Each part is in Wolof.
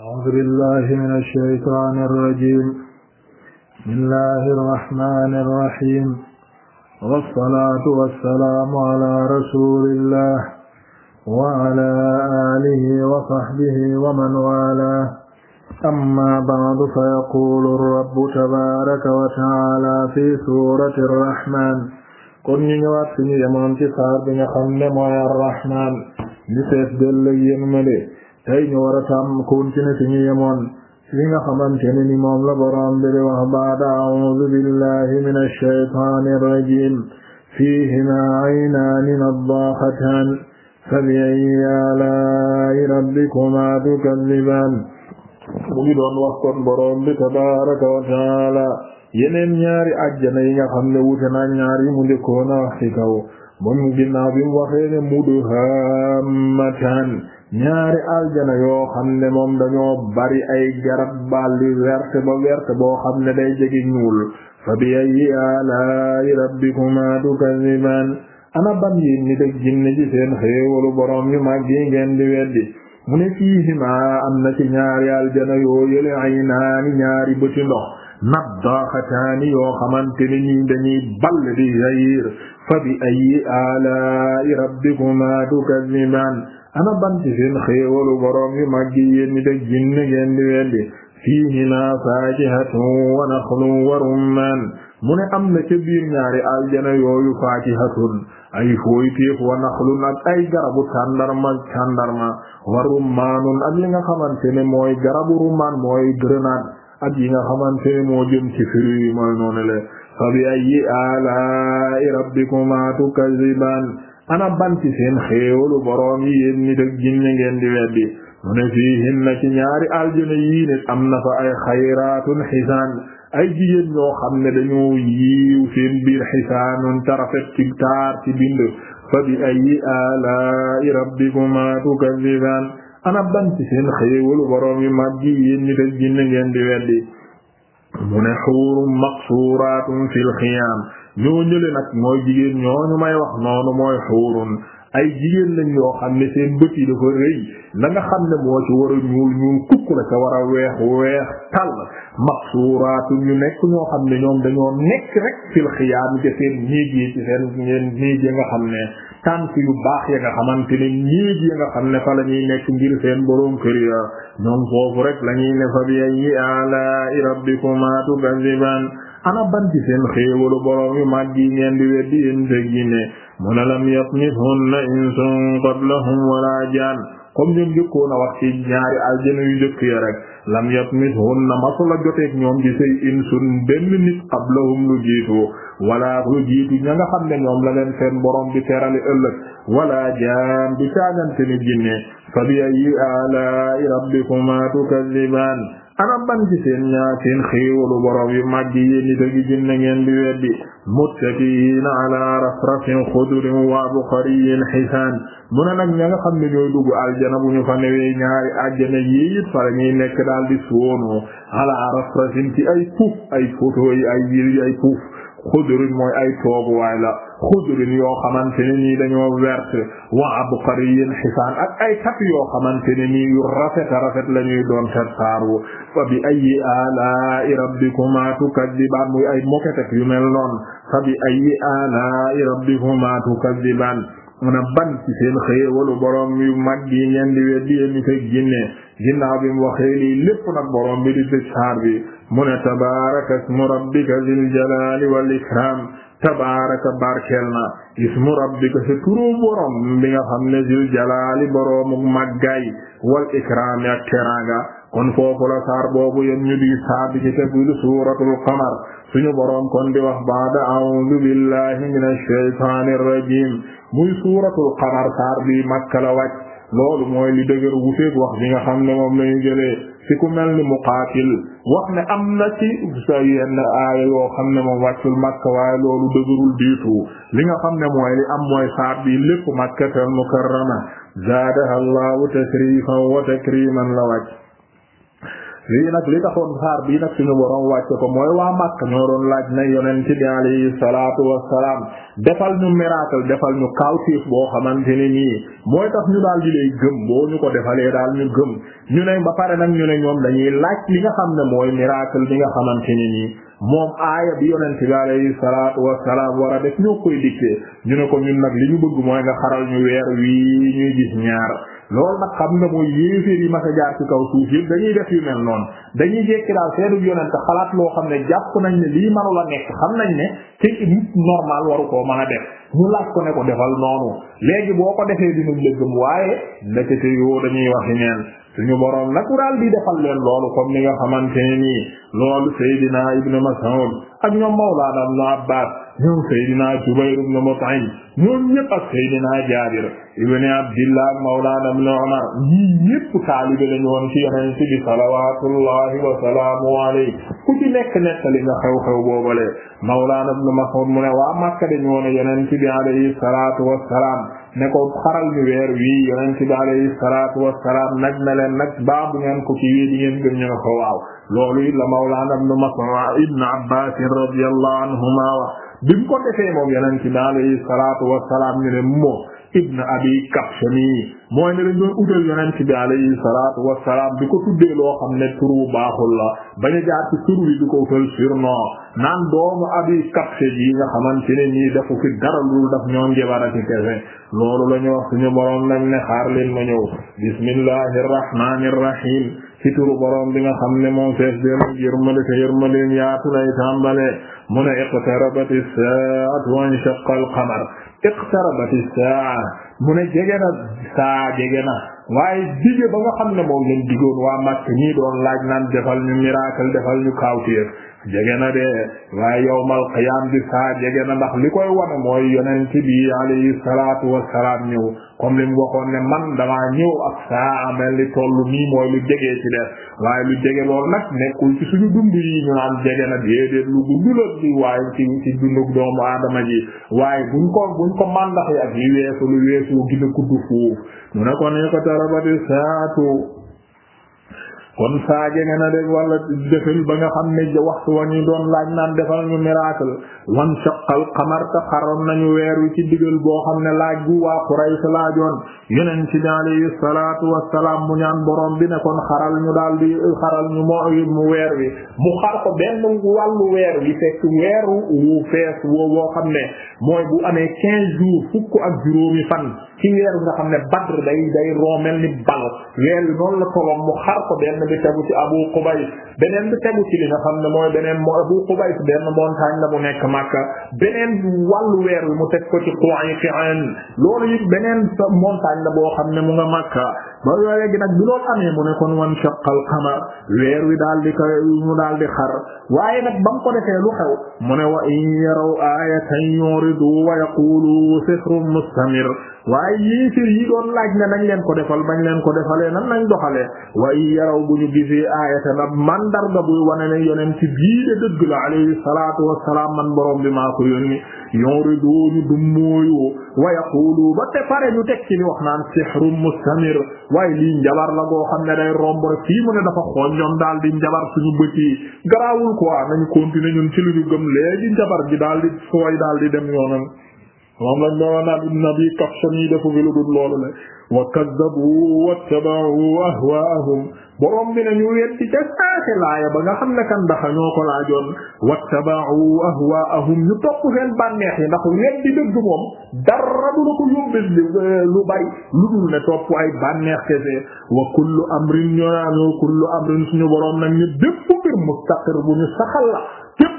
أعوذ بالله من الشيطان الرجيم بسم الله الرحمن الرحيم والصلاة والسلام على رسول الله وعلى آله وصحبه ومن والاه أما بعد فيقول الرب تبارك وتعالى في سورة الرحمن kon ñu ñëwaat fi ñu yemoon ci saar bi nga xam ne mooy Ar-Rahmaan tey ñu war a tàmm continuer fi ñu yemoon li nga xamante ne ni moom la boroom bi di wax baada a'uudu billahi min ash-shaytaani ar-rajiim fiihimaa aynaani naddaaxataan fabi-ayyi aalaa'i rabbikumaa tukazzibaan mu ngi doon wax kon boroom bi tabaaraka wa ta'aala yeneen ñaari àjjana yi nga xam ne wuute na ñaar yi mu njëkkoon a wax ci kaw moom ginnaaw bi mu waxee ne mudhammataan ñaari aljana yoo xam ne moom dañoo bari ay garab balli verte ba boo xam ne day jege ñuul fa bi ayyi alaa'i rabbikumaa tukazziban ana ban yi nit ak jinne ci seen xéewalu boroom di weddi mu ne fiihimaa am na ci ñaari aljana yoo yële aynaani ñaari bëti ndox naddaaxataani yoo xamante ni ñi dañuy di yayir fa bi ayyi alaa'i rabbikumaa tukazziban ana ban ci seen xéewalu boroom yu màggi yéen ñi dëg jinn ngeen di weddi wa naxlun wa rummaan mu ne am na ca biir ñaari aljana yooyu faakihatun ay fooy téef wa naxlun ay garabu tàndarma tàndarma wa rummaanun ak li nga xamante ne mooy garabu rummaan mooy grenade ak yi nga xamante ne moo jëm ci fruit yi mooy noonu le fa bi ayyi alaa'i rabbikumaa tukazzibaan ana ban seen xéewalu boroom yi yéen nit ak jinne ngeen di weddi mu ne fiihinna ci ñaari aljana yi nit am na fa ay xayraatun xisaan ay jigéen ñoo xam ne dañoo yiiw seen biir xisaanun tarafet ci taar ci bind fa bi ayi alaa'i rabbikuma tukazziban ana ban ci seen xéewalu boroom yu mag yi yéen nit ak jinne ngeen di weddi mu ne xuurum maqsuuraatun fil xiyaam ñoo ñële nag mooy jigéen ñooñu may wax noonu mooy xuurun ay jigéen lañ yoo xam ne seen bët yi dafa rëy la nga xam ne moo ci war a ñuul ñuul kukk la ca war a weex weex tàll maxsuuraatu ñu nekk ñoo xam ne ñoom dañoo nekk rek fil xiyaam ca seen néeg yi ci seen ngeen néeg ya nga xam ne tànk yu baax ya nga xamante ne néeg ya nga xam ne fa la ñuy nekk ngir seen boroom kër ya ñoom foofu rek la ñuy ne fa bi ay ala rabbikuma tukaziban ana ban ci seen xéewalu borom yu mag yi ngeen di weddi yéen feg yi ne mu ne lam yatmithunna insun qablahum wala jaan comme ñun jëkkoon a wax ci ñaari aljana yu jëkk ya rek lam yatmithunna masula joteek ñoom di say insun benn nit qablahum lu jiitu wala rujiitu ña nga xam ne ñoom la leen seen borom bi terale ëllëg wala jaam bi caagante ni jinne fa bi ayyi alaa'i rabbikumaa tukazzibaan ana ban ci seen ñaa seen xéewalu borom màgg yi nit ak jinne ngeen di weddi muttakiina ala rafrafin xudurin wa abqariyyin xisaan mu ne nag ña nga xam aljana bu ñu fa newee ñaari aljana yii it fara ñuy nekk daal di soonoo ala ci ay puuf ay photo ay yir xudrin mooy ay tooguwaay la xudrin yoo xamante ne nii dañoo werte wa abqariyin xisaan ak ay tat yoo xamante ne nii yu rafet rafet la ñuy doon tet saaru fa bi ay alaa'i rabbikuma tukaddiban muy ay moketek yu mel noon fa bi ayi alaa'i rabbikuma tukaddiban mun a ban ci seen borom yu mag yi ngeen di weddi yéen ñi koy ginne ginnaaw bi mu waxee lii lépp nag bi di dëj bi mu ne tabaaraka ismu rabbika zil jalaali wal ikraam tabaaraka barkeel na ismu borom bi nga xam ne zil jalaali boroomu màggaay wal ikraam ak kon foofu la saar boobu yem ñu di saabi ci suuratul qamar suñu boroom kon di wax baada a'uudu billahi minash shaytaanir rajiim muy suuratul qamar saar bi Makka loolu mooy li dëgër wuteek wax bi nga xam ne moom lañu jëlee si ku mel ni muqaatil wax ne am na ci sa yenn aaya yoo xam ne moom wàccul makka waaye loolu dëgërul diitu li nga xam ne mooy li am mooy saat bi lépp makkatal mukarrama zaadaha allahu tashrifan wa takriman la wàcc lii nag li taxoon xaar bii nag suñu borom wàcce ko mooy waa Makka ñoo doon laaj na yonent bi alayhi salaatu wassalaam defal ñu miracle defal ñu kawtéef boo xamante ne nii mooy tax ñu daal di lay gëm boo ñu ko defalee daal ñu gëm ñu ne ba pare nag ñu ne ñoom dañuy laaj li nga xam ne mooy miracle bi nga xamante ne moom aaya bi yonent bi alayhi salaatu wassalaam war a def ñoo koy dikkee ñu ne ko ñun nag li ñu bëgg mooy nga xaral ñu weer wi ñuy gis ñaar loolu nag xam nga mooy yéeféer yi mas a ci kaw suuf yëpp dañuy def yu mel noonu dañuy jekki daal seenu yonent xalaat loo xam ne jàpp nañ ne lii manula nekk xam nañ ne ci nit normal waru koo mën a def ñu laaj ko ne ko defal noonu léegi boo ko defee dinañ la mu waaye ndekete yoo dañuy waxi neen suñu boroom nag daal di defal leen loolu comme ni nga xamante ne nii loolu Seydina Ibnu Mas'ud ak ñoom Mawlaana Ibnu Abbaas ñoom Seydina Jubayr ibn Mut'im ñoom ñëpp ak Seydina Jaabir ibn Abdillah mawlaana ibn Umar ñii ñëpp taalibe lañu woon ci Yonent bi salawaatullahi wa salaamu alayhi ku ci nekk nettali nga xew-xew boobale mawlaana ibn Mas'ud mu ne waa Makka dañu woon Yonent bi alayhi salaatu wa salaam ne ko xaral ñu weer wii Yonent bi alayhi salaatu wa salaam nag na leen nag baabu ngeen ko ci wii di ngeen gëm ñu ne ko waaw loolu la mawlaana ibn Mas'ud ibn Abbaas radiyallahu anhuma bi mu ko defee moom yonent bi alayhi salaatu wassalaam ñu ne moom ibn abi kabshani mooy ne lañ doon utal yonent bi alayhi salaatu wassalaam di ko tuddee loo xam ne turu baaxul la bañu jaar ci turu yi di ko utal surnom naan doomu abi kabshani yi nga xamante ne nii dafa fi dara lu daf ñoo njabarati kese loolu la ñu wax suñu boroom nag ne xaar leen ma ñëw bismillahir rahmanir rahim ci turu borom bi nga xam ne moom fees deen yërmande te yërmandeem yaatu lay tàmbale mu ne iqtarabat as-saa'atu wa inshaqqa al iqtarabat as-saa'a mu ne jege na saa waaye dige ba nga xam ne moom lañ digoon waa Makka ñii doon laaj naan defal ñu miracle defal ñu kawtéef jege na de waaye yawmal qiyaam bi saa jege na ndax li koy wane mooy yonent bi alayhi salaatu wassalaam ñëw comme li mu waxoon ne man damaa ñëw ak saa mel ni tollu nii mooy lu jege ci des waaye lu jege lool nag nekkul ci suñu dund yi ñu naan jege na déedéet lu gudd la waaye ci ci doomu aadama ji waaye buñ ko buñ ko màndax yi ak yi weesu lu weesu gën a gudd foofu ñu ne ko ne ko tarabati saatu kon saa jege na de wala defal ba nga xam ne waxtu wa ñu doon laaj naan defal ñu miracle wan shaqal qamar te xaroon nañu weer wi ci digal boo xam ne laaj gu waa Quraysh laajoon yeneen ci bi alayhi salaatu wassalaam mu ñaan borom bi ne kon xaral ñu daal di xaral ñu mu weer wi mu xar ko benn wàllu weer wi fekk weeru wu fees woo woo xam ne mooy bu amee quinze jours fukk ak juróomi fan ci weer nga xam ne badr day day roomel ni bal weer wi noonu la tolloon mu xar ko benn bi tegu ci abu qubays beneen bi tegu ci li nga xam ne mooy beneen moo abu qubays benn montagne la mu nekk Makka beneen wàllu weer wi mu teg ko ci Qa'iqan loolu it beneen montagne la boo xam ne mu nga Makka ba léegi nag bi loolu amee mu ne kon wan shaqqal qamar weer wi daal di ko mu daal di xar waaye nag ba mu ko defee lu xew mu ne wa in yaraw ayatan yuridu wa yaqulu sihrun mustamir waaye yéefér yi doon laaj ne nañ leen ko defal bañ leen ko defalee nan nañ doxalee waaye yaraw bu ñu gisee aayata na mandarga buy wane ne yonent bii de dëgg la alayhi salaatu wassalaam man borom bi maa ko ñoo yuridu ñu dummóoyu wa yaqulu ba te pare ñu teg ci li wax naan sihrun mustamir waaye lii njabar la goo xam ne day romb rek fii mu ne dafa xool ñoom daal di njabar suñu bët yi garaawul quoi nañu continuer ñun ci lu ñu gëm léegi njabar gi daal di sooy daal di dem yoonam moom lañ doon naan ibn abi kabshan defu fi lu dul loolu le wa kaddabu wattaba'u ahwaahum borom bi ne ñu weddi ca ba nga xam ne kan ndax ñoo ko laajoon wattaba'u ahwaahum ñu topp seen bànneex yi ndax weddi dëgg moom dara du la ko yóbbee lu euh, bari lu dul ne topp ay bànneex kese wa kullu amrin ñoo naanoo kullu amrin suñu borom nag ñu bépp mbir mustaqir bu ñu saxal la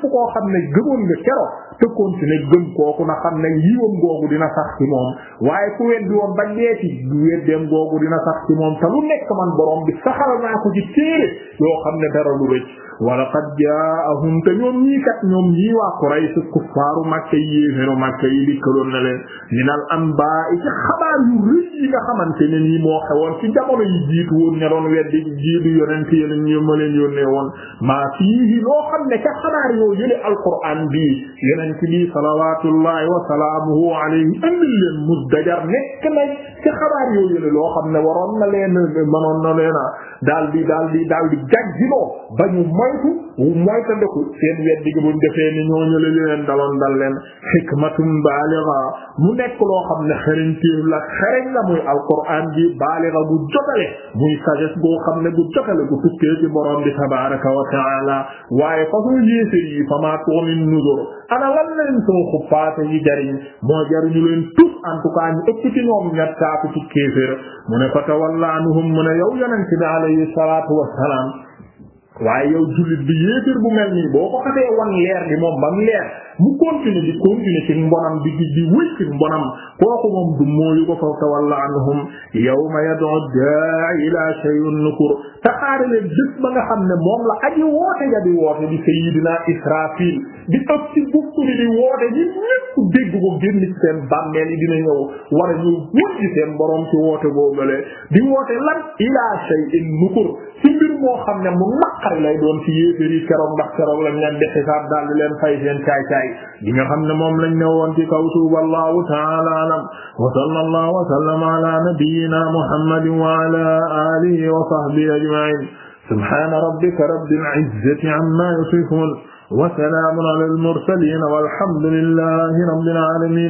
képp koo xam ne gëmoon nga keroog te ne gëm kooku na xam ne yiwam googu dina sax ci moom waaye ku weddi woon ba deeti weddeem googu dina sax ci moom te lu nekk man boroom bi saxal naa ko ci téere yoo xam ne dara lu rëcc wala qad jaahum te ñoom ñii kat ñoom ñii waa Quraysh kuffaaru Makka yéeféru Makka yi dikkaloon na leen minal anbaa'i ci xabaar yu rëy yi nga xamante ne nii moo xewoon ci jamono yi jiitu woon ña doon weddi jiitu yonent yi ñu ma leen yónnee woon maa fiihi loo xam ne ca xabaar yoo jële alquraan bii yonent bi salawaatullahi wa salaamuhu alayhi andil leen muzdajar nekk na ci xabaar yoo jële loo xam ne waroon na leen mënoon na leen daal di daal di daal di gàjjiloo bañu moytu moytandiku seen weddi gi buñ defee ni ñooñu la leen daloon dal leen xikmatun baaliga mu nekk loo xam ne xarañteef la xarañ la muy alquran bi baaliga gu jotale muy sagesse goo xam ne gu jotale gu tukkee ci borom bi tabaraka wa taala waaye façon yéesér yi fama toomin nuzur ana lan leen soo xuppaate yi jariñ moo jariñu leen tus en tout cas ñu ëpp ci ñoom ñat saaku ci kéefér mu ne fatawalla anhum mu ne yow yonente bi alayhi salatu wassalam waaye yow jullit bi yéeféer bu mel nii boo ko xasee wan leer gi moom bam leer mu continuer di continuer ci mbonam di di di wéy ci kooku moom du mooyu fa tawalla anhum yawma yad'u daa ila shay'in nukur te leen bés ba nga xam ne moom la aji woote ja di woote di sayyidina Israfil di ëpp ci bukk bi di woote ñi ñépp dégg ko génn ci seen bàmmeel yi dina ñëw war a ñu wut ci seen borom ci woote di woote lan ila shay'in nukur ci mbir moo xam ne mu naqari lay doon ci yéeféer yi keroog ndax keroog lañ leen di xisaab daal di leen fay seen caay caay di nga xam ne moom lañ ne woon ci kaw suuf wallahu ta'ala a'lam wa sallallahu wa sallama ala nabiyyina muhammadin wa ala alihi wa sahbihi ajma'in subhana rabbika rabbil izzati amma yasifun wa salamun ala al mursalin walhamdulillahi rabbil alamin